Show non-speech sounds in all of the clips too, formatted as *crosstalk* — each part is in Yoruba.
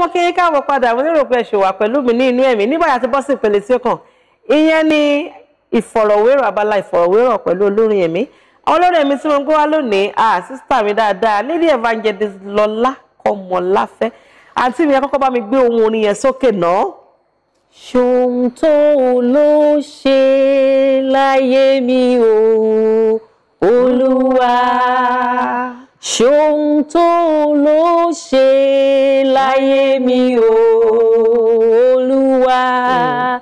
ọmọ kéré káàbọ̀ padà mo lérò pé ẹ ṣì wà pẹ̀lú mi ní inú ẹ̀mí nígbà tí bọ́sì ìpele tí ó kàn ìyẹn ni ìfọ̀rọ̀wérọ̀ abala ìfọ̀rọ̀wérọ̀ pẹ̀lú olórin ẹ̀mí olórin ẹ̀mí tí mo gbé wá lónìí à sísítà mi dáadáa lady evangelist lọlá kọmọláfẹ́ àǹtí mi akọ́kọ́ bá mi gbé ohun orin yẹn sókè náà. ṣòun tó ló ṣe láyé mi o olúwa ṣóhun tó ló ṣe mi o olúwa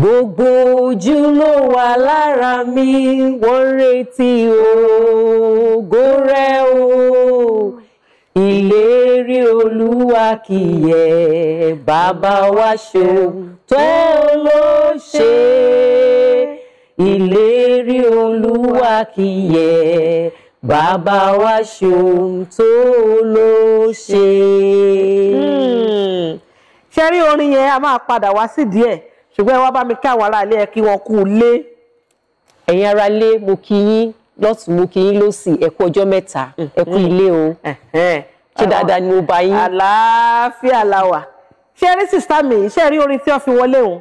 gbogbo ojú ló wà lára mi wọ́n retí ògo rẹ o ìlérí olúwa wa ṣóhun tó ló ṣe ìlérí olúwa bàbá wa ṣeun tó ló ṣe. Hmm. ṣe rí orin yẹn a máa padà wá sí díẹ̀ ṣùgbọ́n ẹ wá bá mi kí àwọn aráalé ẹ kí wọ́n kú lé. ẹ̀yin aráalé mo kí yín lọ́tún mo kí yín lọ́sì ẹ ọjọ́ mẹ́ta ẹ ilé o ṣé dáadáa ni mo bá yín. àlàáfíà la wà ṣe rí sista mi ṣe rí orin tí wọ́n fi wọlé òun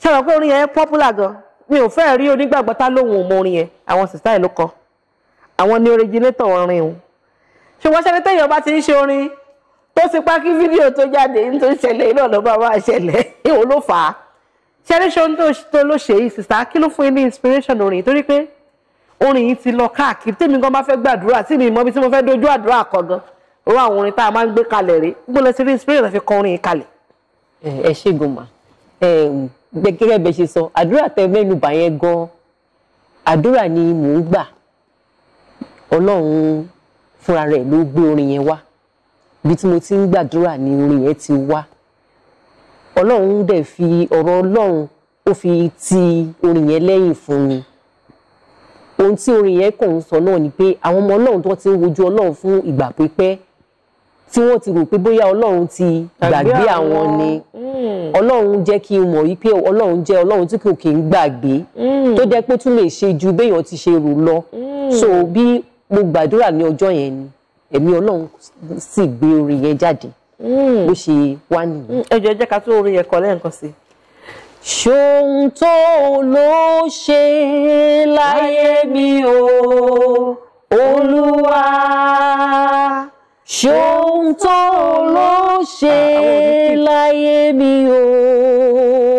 ṣe rò pé orin yẹn popular gan mi ò fẹ́ rí onígbàgbọ́ta lóhùn ò orin yẹn àwọn sista yẹn ló kọ àwọn ni originator orin o ṣùgbọ́n ṣẹlẹ̀ téèyàn bá ti ń ṣe orin tó ti pa kí fídíò tó jáde nítorí ṣẹlẹ̀ iná ló bá máa ṣẹlẹ̀ èwo *laughs* ló fà á ṣẹlẹ̀ ṣe ohun tó ló ṣe yìí sìsá kí ló fún yín ní inspiration orin torí pé orin yìí ti lọ káàkiri tèmi gan bá fẹ́ gbàdúrà tí mi mọ ibi tí mo fẹ́ dojú àdúrà kọ gan orú àwọn orin tá a máa ń gbé kalẹ̀ rèé gbọ́dọ̀ ti rí inspiration fi kọ orin yìí kalẹ̀. ẹ ṣe gòmà gẹ́gẹ́ bẹ ṣe sọ àdúrà tẹ mẹ́nu bà gan àdúrà ni mò ń gbà ọlọ́run fúnra rẹ̀ ló gbé orin yẹn wá ibi tí mo ti ń gbàdúrà ni orin yẹn ti wá ọlọ́run dẹ̀ fi ọ̀rọ̀ ọlọ́run ó fi ti orin yẹn lẹ́yìn fún mi ohun tí orin yẹn kàn ń sọ náà ni pé àwọn ọmọ ọlọ́run tó ti ń wojú ọlọ́run fún ìgbà pípẹ́ tí wọ́n ti rò pé bóyá ọlọ́run ti gbàgbé àwọn ni hmm. ọlọ́run jẹ́ kí n mọ̀ wípé ọlọ́run jẹ́ ọlọ́run tí kò kí ń gbàgbé hmm. tó jẹ́ pé tún lè ṣe ju béèyàn ti ṣe rò lọ hmm. so bí mo gbàdúrà ní ọjọ́ yẹn ni ẹ̀mí ọlọ́run sì gbé orin yẹn jáde hmm. bó ṣe wá nìyẹn. Hmm, ẹ jẹ́ ká tó orin yẹn kọ lẹ́ẹ̀kan sí i. tó ló ṣe láyé mi o olúwa ṣòun tó ló ṣe ah, láyé mi o.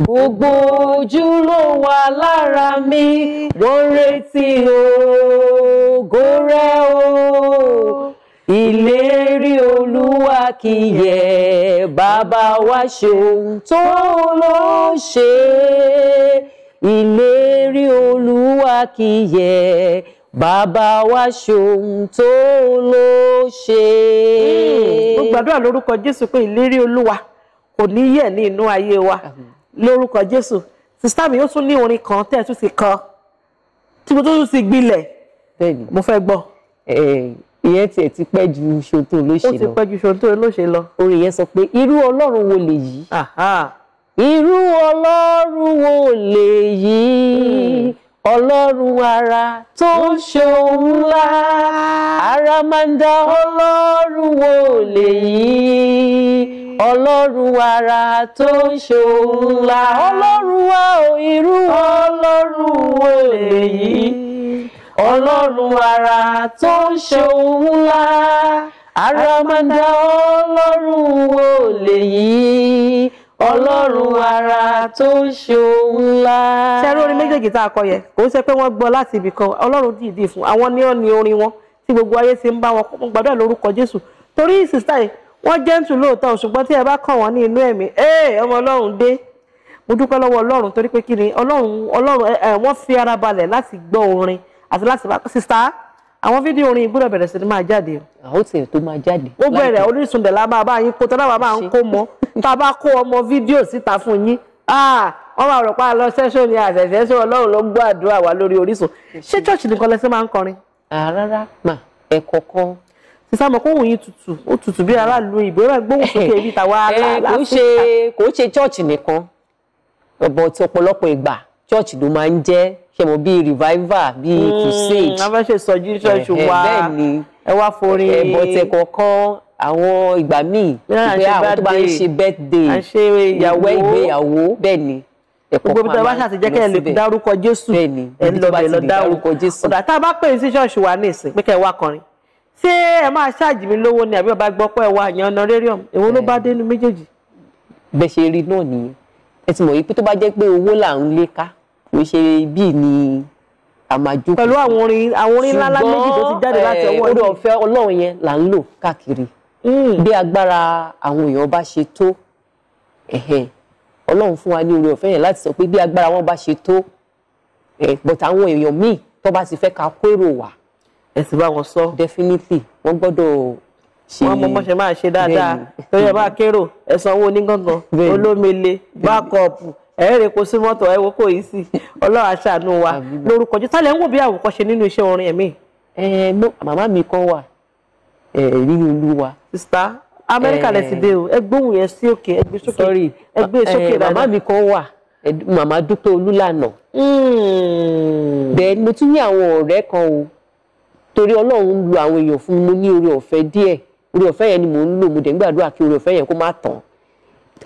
Gbogbo ojú ló wà lára mi, wọ́n retí ògo rẹ o. Ìlérí Olúwa kì í yẹ̀, bàbá wa ṣeun tó ló ṣe. Ìlérí Olúwa kì í yẹ̀, bàbá wa ṣeun tó ló ṣe. Hmm, mo gbàdúrà lórúkọ Jésù pé ìlérí Olúwa kò ní yẹ̀ ní inú ayé wa lórúkọ jésù sista mi ó tún ní orin kan tẹ́ ẹ tún ti kọ tí mo tún ti gbilẹ̀ mo fẹ́ gbọ́. ìyẹn tiẹ̀ ti pẹ́ ju ṣòtò olóṣè lọ ó ti pẹ́ ju ṣòtò olóṣè lọ. orin yẹn sọ pé irú ọlọ́run wo lèyí. irú ọlọ́run wo lèyí ọlọ́run ara tó ń ṣe ohun ara máa ń dá ọlọ́run wo lèyí. ọlọ́run ara tó ń ṣe ṣòun ńlá ọlọ́run wa ò irú ọlọ́run wo lèyí ọlọ́run ara tó ń ṣòun ńlá àràmàǹdà ọlọ́run wo lèyí ọlọ́run ara tó ń ṣòun ńlá. sẹ́rú orin méjèèjì tá a kọ yẹn kò ń ṣe pé wọ́n gbọ́ láti ibì kan ọlọ́run dìídì fún àwọn ní ọ̀nì orin wọn tí gbogbo ayé ti ń bá wọn gbàdúrà lórúkọ jésù torí sísá yìí wọ́n jẹ́ǹtù lóòótọ́ ṣùgbọ́n tí ẹ bá kàn wọ́n ní inú ẹ̀mí ee ọmọ ọlọ́run dé mo dúpẹ́ lọ́wọ́ ọlọ́run torí pé kí ni ọlọ́run ọlọ́run ẹ wọ́n fi ara balẹ̀ láti gbọ́ orin àti láti bá sista àwọn fídíò orin gbọ́dọ̀ bẹ̀rẹ̀ sí ni máa jáde. àwọn tiẹ̀ tó máa jáde. ó bẹ̀rẹ̀ Orísun dẹ̀ la máa bá yín kó tọ́lá wa máa ń kó mọ́ tá a bá kó ọmọ fídíò síta fún yín ah, wọ́n máa rọ̀ pa lọ sẹ́sọ̀ ni àṣẹ̀ṣẹ̀ sọ ọlọ́run ló gbọ́ àdúrà wa lórí Orísun ṣé ṣọ́ọ̀ṣì nìkan lẹ́sìn máa ń kọrin. Ah, rárá mà ẹ̀kọ̀ọ̀kan sísá mọ kóhùn yín tutù ó tutù bí aráàlú ìbò ẹ gbóhùn sókè *laughs* ibi tàwa aláàfíà. Eh, kò ṣe kò ṣe chọ́ọ̀chì nìkan ọ̀bọ̀ tí ọ̀pọ̀lọpọ̀ ìgbà chọ́ọ̀chì ló máa ń jẹ́ hmm, ṣe mọ̀ bíi revival bíi crusade. a fẹ́ ṣe sọ́jú ṣọ́ọ̀ṣì wa ẹ wá forí. Eh, ẹ̀bọ̀ tẹ kọ̀ọ̀kan àwọn ìgbà míì ìgbé àwọn tó bá ń ṣe birthday ìyàwó ìgbéyàwó bẹ́ẹ̀ ni gbogbo ibi tí a bá ṣàtijọ́ kẹ́ ẹ lè dárúkọ Jésù ẹ lọ bẹ̀ lọ dárúkọ Jésù ọ̀dà tá a bá pè é sí ṣọ́ọ̀ṣì wa ní ìsìn pé kẹ́ ẹ wá kọrin ṣé ẹ máa ṣáàjì mi lówó ni àbí bàbá gbọ́ pé ẹwà àyàn honorarium èwo ló bá dénú méjèèjì. bẹ́ẹ̀ ṣe rí náà nìyẹn ẹ ti mọ̀ yìí pé tó bá jẹ́ pé owó là ń lé ká kò ṣe bíi ni àmàjù. pẹ̀lú àwọn orin àwọn orin ńláńlá méjì tó ti jáde láti eh, ọwọ́ yìí. orí ọ̀fẹ́ ọlọ́run yẹn là ń lò káàkiri. Hmm. bí agbára àwọn èèyàn bá ṣe tó ọlọ́run fún wa ní orí ọ̀fẹ́ yẹn láti sọ pé bí agbára wọn bá ṣe tó eh, but àwọn èèyàn míì tó bá ti fẹ́ ká kérò wá ẹ sì bá wọn sọ. definitely wọ́n gbọ́dọ̀ ṣe wọ́n mọ bó ṣe máa ṣe dáadáa torí ẹ bá kérò ẹ sanwó onígangan olómele bákọọpù ẹ̀rẹ́ kò sí mọ́tò ẹ̀ wò kò yìí sí ọlọ́run aṣàánú wa lórúkọ jù tálẹ̀ ń wò bí àwòkọ́ṣe nínú iṣẹ́ orin ẹ̀mí. ẹ no màmá mi kan wà ẹ nínú olúwa. sista amẹ́ríkà lẹ ti dé o ẹ gbóhùn yẹn sí òkè ẹ gbé sókè ẹ gbé sókè dáadáa. màmá mi kan wà màmá dúpẹ́ olúlànà. Hmm. bẹ́ẹ̀ mo tún ní àwọn ọ̀rẹ́ kan o torí ọlọ́run ń lu àwọn èèyàn fún mi mo ní orí ọ̀fẹ́ díẹ̀ orí ọ̀fẹ́ yẹn ni mò ń lò mo dẹ̀ ń gbàdúrà kí orí ọ̀fẹ́ yẹn kó má tán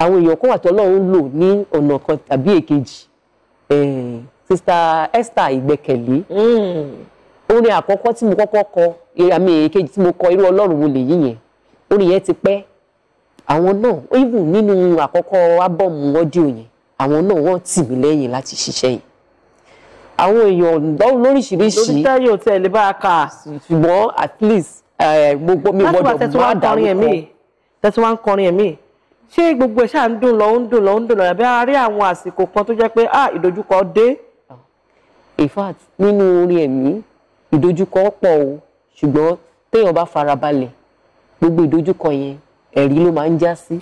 àwọn èèyàn kan wà tí ọlọ́run lò ní ọ̀nà kan tàbí èkejì sista Esther Ìgbẹ́kẹ̀lé hmm. orin àkọ́kọ́ tí mo kọ́kọ́ kọ àmì èkejì tí mo kọ irú ọlọ́run wo lèyí yẹn orin yẹn ti pẹ́ àwọn náà even nínú àkọ́kọ́ ábọ̀mù ọdíò yẹn àwọn náà wọ́n tì mí lẹ́yìn láti ṣiṣẹ́ yìí àwọn èèyàn ọ̀dọ́ lóríṣiríṣi lórí tẹ́yọ̀ tẹ́ lè bá a kà ṣùgbọ́n at least gbogbo mi gbọ́dọ̀ má dárúkọ tẹ́tí wá ń kọrin ẹ̀mí ṣé gbogbo ẹ̀ ṣáà ń dùn lọ ń dùn lọ ń dùn lọ àbí a àwọn àsìkò kan tó jẹ́ pé ah ìdojúkọ dé. in fact nínú orin ẹ̀mí ìdojúkọ pọ̀ o ṣùgbọ́n téèyàn bá farabalẹ̀ gbogbo ìdojúkọ yẹn ẹ̀rí ló máa ń já sí.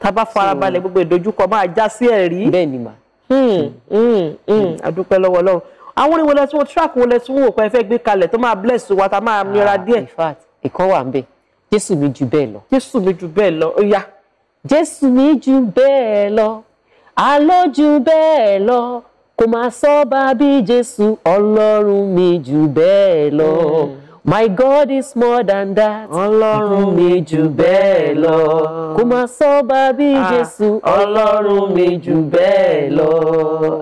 tá a bá farabalẹ̀ gbogbo ìdojúkọ máa já sí ẹ̀rí. bẹ́ẹ̀ ni màá àdúpẹ́ hmm, hmm, hmm. lọ́wọ́ Ọlọ́run àwọn orin wo lẹ tún wo track wo lẹ tún wò pé ẹ fẹ́ gbé kalẹ̀ tó máa bless wa tá máa ah, nira díẹ̀. ìkọ́ wà ń bẹ̀ jésù mi jù bẹ́ẹ̀ lọ. jésù mi jù bẹ́ẹ̀ lọ ó yá. jésù mi jù bẹ́ẹ̀ lọ àlọ́ jù bẹ́ẹ̀ lọ kò máa sọ bá bí jésù ọlọ́run mi jù bẹ́ẹ̀ lọ. Mm. My God is more than that. Ọlọ́run mi jù bẹ́ẹ̀ lọ. Kò máa sọ bàbí ah, Jésù. Ọlọ́run mi jù bẹ́ẹ̀ lọ.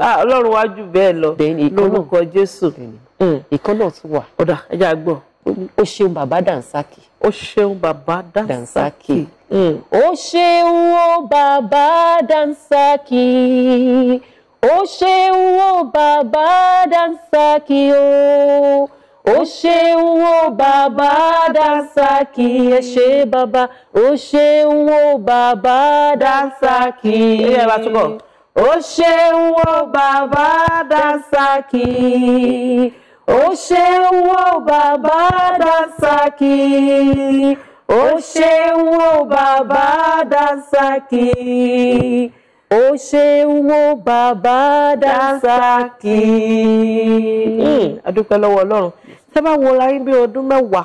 Ah, Ọlọ́run wa jù bẹ́ẹ̀ lọ. Lórúkọ Jésù. Mm, ìkan náà tún wà. Ọ̀dà ẹja gbọ́. Ó ṣeun bàbá Dànsákì. Ó ṣeun bàbá Dànsákì. Mm, ó ṣeun ó bàbá Dànsákì. Ó ṣeun ó bàbá Dànsákì o ó ṣeun o bàbá Dansaki ẹ ṣe bàbá ó ṣeun o bàbá Dansaki ó ṣeun o bàbá Dansaki ó ṣeun o bàbá Dansaki ó ṣeun o bàbá Dansaki ó ṣeun o bàbá Dansaki. Hmm, adúpẹ́ lọ́wọ́ ọlọ́run tẹ́ bá wo láyé bí ọdún mẹ́wàá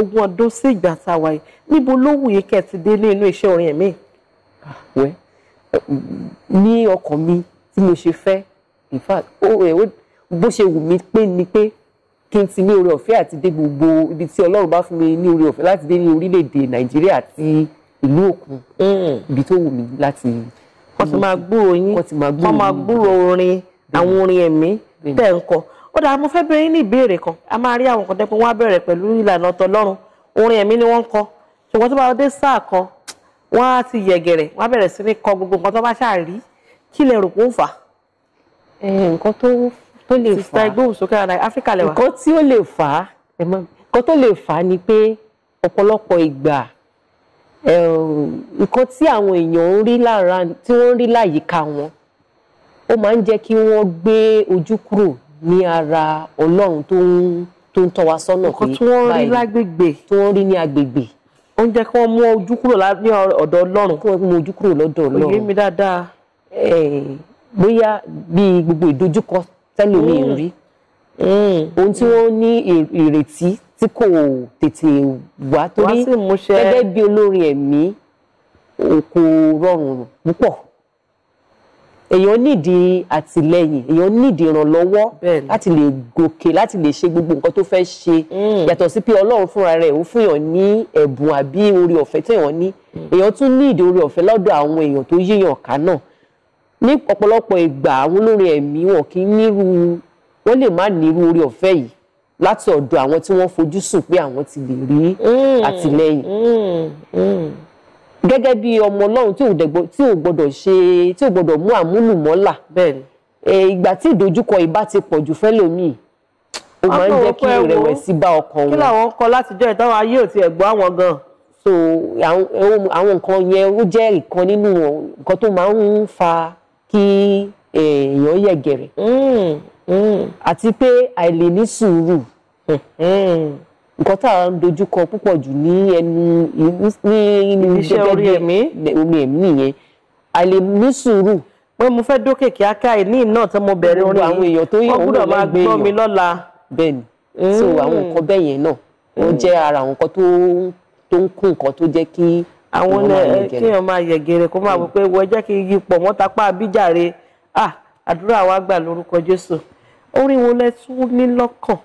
ogún ọdún sí ìgbà tá a wà yìí níbo ló wù yín kẹ́ ti dé ní inú iṣẹ́ orin ẹ̀mí. Ah, wẹ́ eh, ní ọkàn mi tí mo ṣe fẹ́ in fact eh, bó ṣe wù mí pé ni pé kí n ti ní oore ọ̀fẹ́ àti dé gbogbo ibi tí ọlọ́run bá fún mi ní oore ọ̀fẹ́ láti dé ní orílẹ̀ nàìjíríà àti ìlú òkun hmm. ibi tó wù mí láti. wọ́n ti máa gbúròó yín wọ́n ti máa gbúròó orin àwọn orin ẹ̀mí tẹ̀ ń kọ ó dàá mo fẹ́ bẹ̀rẹ̀ ní ìbéèrè kan a máa rí àwọn kan tẹ́ pé wọ́n á bẹ̀rẹ̀ pẹ̀lú ìlànà tọlọ́run orin ẹ̀mí ni wọ́n ń kọ ṣùgbọ́n tó bá dé sáà kan wọ́n á ti yẹ̀gẹ̀rẹ̀ wọ́n á bẹ̀rẹ̀ sí ní kọ gbogbo nǹkan tó bá ṣáà rí kí lè rò pé ó fà á. nǹkan tó tó lè fà á sista ìgbóhùnsókè ara áfíríkà lẹwà. nǹkan tí ó lè fà á nǹkan tó lè fà á ni pé ọ̀pọ̀lọpọ̀ ìgbà nǹkan tí àwọn èèyàn ń rí lára tí wọ́n ń rí láyìíká wọn ó máa ń jẹ́ kí wọ́n gbé ojú kúrò ní ara ọlọ́run tó ń tó ń tọ́ wa sọ́nà pé báyìí tí wọ́n rí lágbègbè tí wọ́n rí ní agbègbè. ó ń jẹ́ kí wọ́n mú ojú kúrò ní ọ̀dọ̀ ọlọ́run kí wọ́n mú ojú kúrò lọ́dọ̀ ọlọ́run. òye mi dáadáa. bóyá bí gbogbo ìdojúkọ tẹ́lẹ̀ mi ń rí hmm. ohun tí wọ́n ní ìrètí tí kò tètè wá torí gẹ́gẹ́ bí olórin ẹ̀mí kò rọrùn púpọ̀ èèyàn nídìí àtìlẹ́yìn èèyàn nídìí ìrànlọ́wọ́ láti lè gòkè láti lè ṣe gbogbo nǹkan tó fẹ́ ṣe mm. yàtọ̀ sí pé Ọlọ́run fúnra rẹ̀ ó fún èèyàn ní ẹ̀bùn àbí oore ọ̀fẹ́ téèyàn ní mm. èèyàn tún ní ìdí oore ọ̀fẹ́ lọ́dọ̀ àwọn èèyàn tó yíyàn ká náà ní ọ̀pọ̀lọpọ̀ ìgbà àwọn olórin ẹ̀mí wọn kì í nírú wọn lè má nírú oore ọ̀fẹ́ yìí láti ọ̀dọ̀ àwọn tí wọ́n fojú sùn pé àwọn ti lè rí mm. àtìlẹ́yìn gẹ́gẹ́ bí ọmọ ọlọ́run tí ò gbọ́dọ̀ ṣe tí ò gbọ́dọ̀ mú àmúlùmọ́là ìgbà tí ìdojúkọ ìbá ti pọ̀ jù fẹ́lòmíì ó máa ń jẹ́ kí ìrẹ̀wẹ̀sì bá ọkàn wọn. kí làwọn kọ láti jọ ìtawọ̀ ayé ò tiẹ̀ gbọ́ àwọn gan. so àwọn nǹkan yẹn ó jẹ́ ìkan nínú nǹkan tó máa ń fa kí èèyàn yẹ̀gẹ̀rẹ̀ mm, mm. àti pé àìlè ní sùúrù. Hmm, hmm nǹkan tá à ń dojúkọ púpọ̀ jù ní ẹnu ní inú iṣẹ́ orí ẹ̀mí omi ẹ̀mí nìyẹn a lè ní sùúrù. pé mo fẹ́ dókè kíákíá ìní náà tí mo bẹ̀rẹ̀ orin yìí wọ́n gbọ́dọ̀ máa gbọ́ mi lọ́la. bẹ́ẹ̀ni so mm. àwọn nǹkan bẹ́ẹ̀ yẹn náà wọ́n mm. jẹ́ ara àwọn nǹkan tó ń kún nǹkan tó jẹ́ kí àwọn kéèyàn máa yẹ̀gẹ̀rẹ̀ kó máa wọ pé wọ́n jẹ́ kí yí pọ̀ wọ́n tapá abíjàre ah, àdúrà wa gbà lórúkọ Jésù orin wo lẹ tún ní lọ́kàn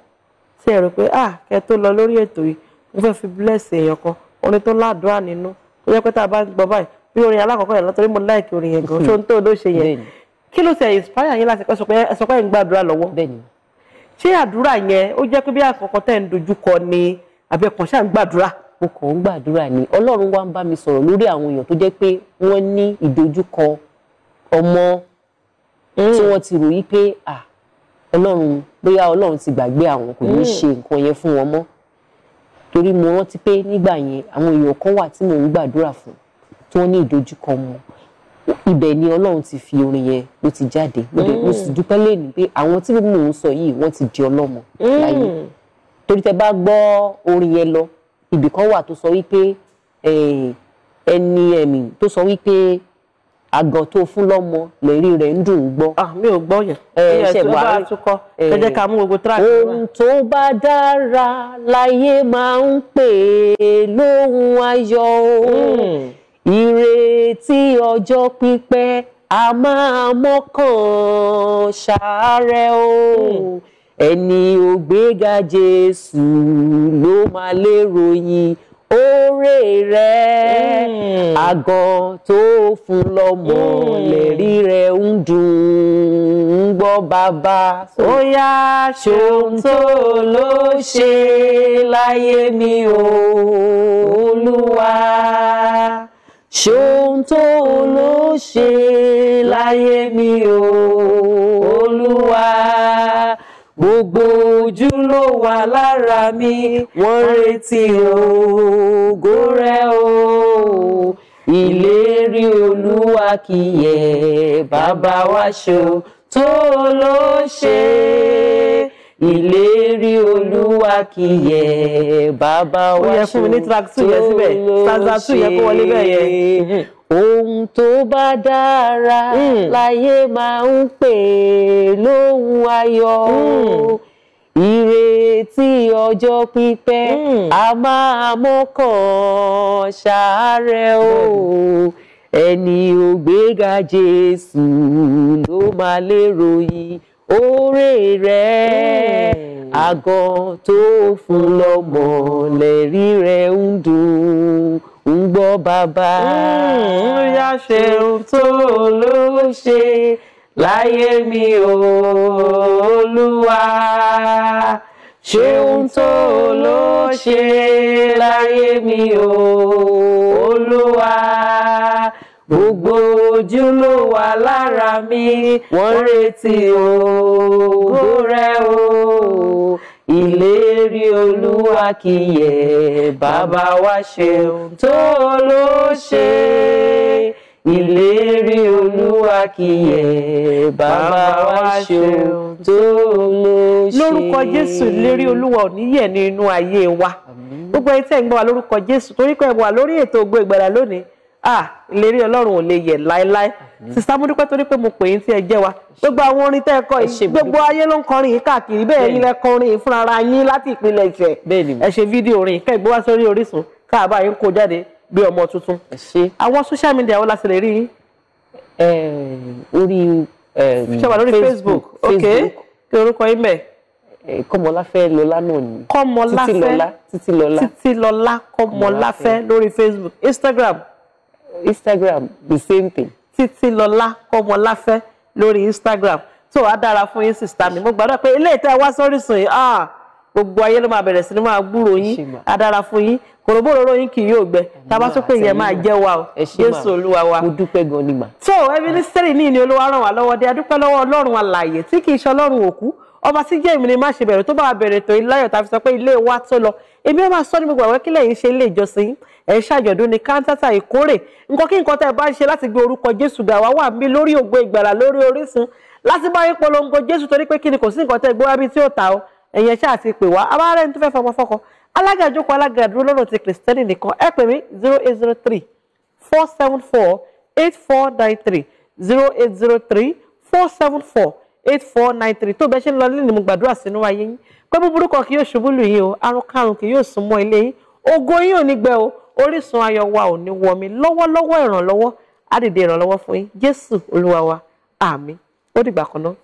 tí ẹ rò pé ah kẹ tó lọ lórí ètò yìí mo fẹ́ fi bless èèyàn kan orin tó ládùá nínú tó jẹ́ pé tá a bá gbọ́ báyìí bí orin alákọ̀ọ́kọ́ yẹn lọ́tọ́rí mo láìkí orin yẹn gan ṣó ń tó o ló ṣe yẹn kí ló ṣe inspire yín láti sọ pé ẹ sọ pé ẹ ń gbàdúrà lọ́wọ́ ṣé àdúrà yẹn ó jẹ́ pé bí àkọ́kọ́ tẹ̀ ń dojúkọ ni àbí ẹ̀kọ́ ṣáà ń gbàdúrà. mo kàn ń gbàdúrà ni ọlọ́run wá ń bá mi sọ̀rọ̀ lórí àwọn èèyàn tó jẹ́ pé wọ́n ní ìdojúkọ ọmọ mm. tí wọ́n ti ròyìn pé ah ọlọ́run bóyá Ọlọ́run ti gbàgbé àwọn kò ní hmm. ṣe nǹkan yẹn fún wọn mọ́ torí mo rántí pé nígbà yẹn àwọn èèyàn kan wà tí mò ń gbàdúrà fún tí wọ́n ní ìdojúkọ wọn ibẹ̀ ni Ọlọ́run ti fi orin yẹn ló ti jáde mo sì hmm. dúpẹ́ lẹ́nu pé àwọn tí mò ń sọ yìí wọ́n ti di ọlọ́mọ hmm. láyé torí tẹ bá gbọ́ orin yẹn lọ ibì wà tó sọ wípé eh, ẹni ẹ̀mí tó sọ wípé àgàn tó fún lọ́mọ lèrí rẹ̀ ń dùn gbọ́. Ah, mi ò gbọ́ yẹn ẹ ṣe wà á tukọ̀ ẹ jẹ́ ká mú gbogbo tíráàkì wa. ohun tó bá dára láyé máa ń pè é lóhun ayọ̀ o hmm. ìrètí ọjọ́ pípẹ́ a máa mọ́kàn ṣàárẹ̀ o hmm. ẹni ògbéga Jésù ló máa lérò yìí oore rẹ̀ mm. àgàn tó fún lọ́mọ mm. lẹ́rí rẹ̀ ń dùn ún gbọ́ bàbá ó yá ṣòun tó ló ṣe láyé mi o olúwa ṣòun tó ló ṣe láyé mi o olúwa gbogbo ojú ló wà lára mi wọ́n retí ògo rẹ̀ o ìlérí olúwa kì bàbá wa ṣo tó ló ṣe é ìlérí olúwa kì í yẹ̀ bàbá wa ṣó tó lóye ohun tó bá dára hmm. láyé máa ń pè é lóhùn ayọ̀ hmm. ìrètí ọjọ́ pípẹ́ hmm. a máa mọ́kàn ṣàárẹ̀ o ẹni ògbéga Jésù ló máa lérò yìí oore rẹ̀ hmm. àgọ́ tó fún lọ́mọ lẹ́rí rẹ̀ ń dùn ń gbọ́ bàbá. Hmm, ń yá ṣeun tó ló ṣe láyé mi ò olúwa ṣeun tó ló ṣe láyé mi ò olúwa. Gbogbo ojú ló wà lára mi, wọ́n retí ògo rẹ̀ o. Ìlérí Olúwa kìyẹ, bàbá wa ṣeun tó ló ṣe. Ìlérí Olúwa kìyẹ, bàbá wa ṣeun tó ló ṣe. Lórúkọ Jésù, ìlérí Olúwa ò ní yẹ̀ ní inú ayé wa. Gbogbo ẹni tẹ́ ń gbọ́ wa lórúkọ Jésù torí pé ẹ wà lórí ètò Ògo Ìgbàlà lónìí ah ìlérí ọlọ́run ò lè yẹ̀ láéláé sista mo dúpẹ́ torí pé mo pè é tí ẹ jẹ́ wa gbogbo àwọn orin tẹ́ ẹ kọ yìí gbogbo ayé ló ń kọrin yìí káàkiri bẹ́ẹ̀ yín lẹ kọrin yìí fúnra ara yín láti ìpínlẹ̀ Ifẹ̀ ẹ ṣe fídíò orin yìí kẹ́gbẹ́ sórí Orísun káàbá yín kó jáde bí ọmọ tuntun àwọn social media wo la sì lè rí yín. orí ṣẹ́wà lórí Facebook ok kí orúkọ yín bẹ̀. Kọ́mọláfẹ́ lọlá náà ni Kọ́mọláfẹ́ Títílọlá Títílọlá Kọ́mọláfẹ́ lórí Facebook Instagram Instagram the same thing. títí lọlá kọmọláfẹ́ lórí Instagram tó wàá dára fún yín sista mi mo gbàdúrà pé ilé ìtẹ́ wá sórí sùn yìí ah, gbogbo ayé ló máa bẹ̀rẹ̀ sí ni máa gbúrò yín á dára fún yín kòròbóròró yín kì yóò gbẹ tábà tó pé ìyẹn máa jẹ́ wa o Jésù Olúwa wa. mo dúpẹ́ gan-an nígbà. tó ẹbí ní sẹ́rìn ní ìní Olúwa ràn wá lọ́wọ́ dé adúpẹ́ lọ́wọ́ Ọlọ́run alààyè tí kì í ṣe Ọlọ́run òkú ọba tí jẹ́ ìmìnira má ṣe bẹ̀rẹ̀ tó bá bẹ̀rẹ̀ tó iláyọ̀ tá a fi sọ pé ilé wa tó lọ èmi ẹ máa sọ ní gbogbo àwọn kílẹ̀ yìí ṣe ilé ìjọsìn ẹ̀ ṣàjọ̀dún ní kántátà ìkórè nǹkan kí nǹkan tẹ́ ẹ bá ń ṣe láti gbé orúkọ Jésù gà wá wà ń bí lórí ògbó ìgbàlà lórí Orísun láti bá yín polongo Jésù torí pé kí ni kò sí nǹkan tẹ́ ẹ gbé wá tí ó ta o ẹ̀yẹn ṣáà ti pè wá abáárẹ̀ ní tó fẹ́ fọmọ fọkọ alága ìjókòó alága zero eight zero three four seven four eight four nine three zero eight zero three four seven four eight four nine three tó bẹ́ẹ̀ ṣe ń lọ nílùú mo gbàdúrà sínú ayé yín pé búburú kan kì yóò ṣubú lù yín o àrùn karùn kì yóò sún mọ́ ilé yín ògo yín ò ní gbẹ o orísun ayọ̀ wa ò ní wọmi lọ́wọ́lọ́wọ́ ìrànlọ́wọ́ á dìde ìrànlọ́wọ́ fún yín Jésù Olúwa wa àmín ó dìgbà kan náà.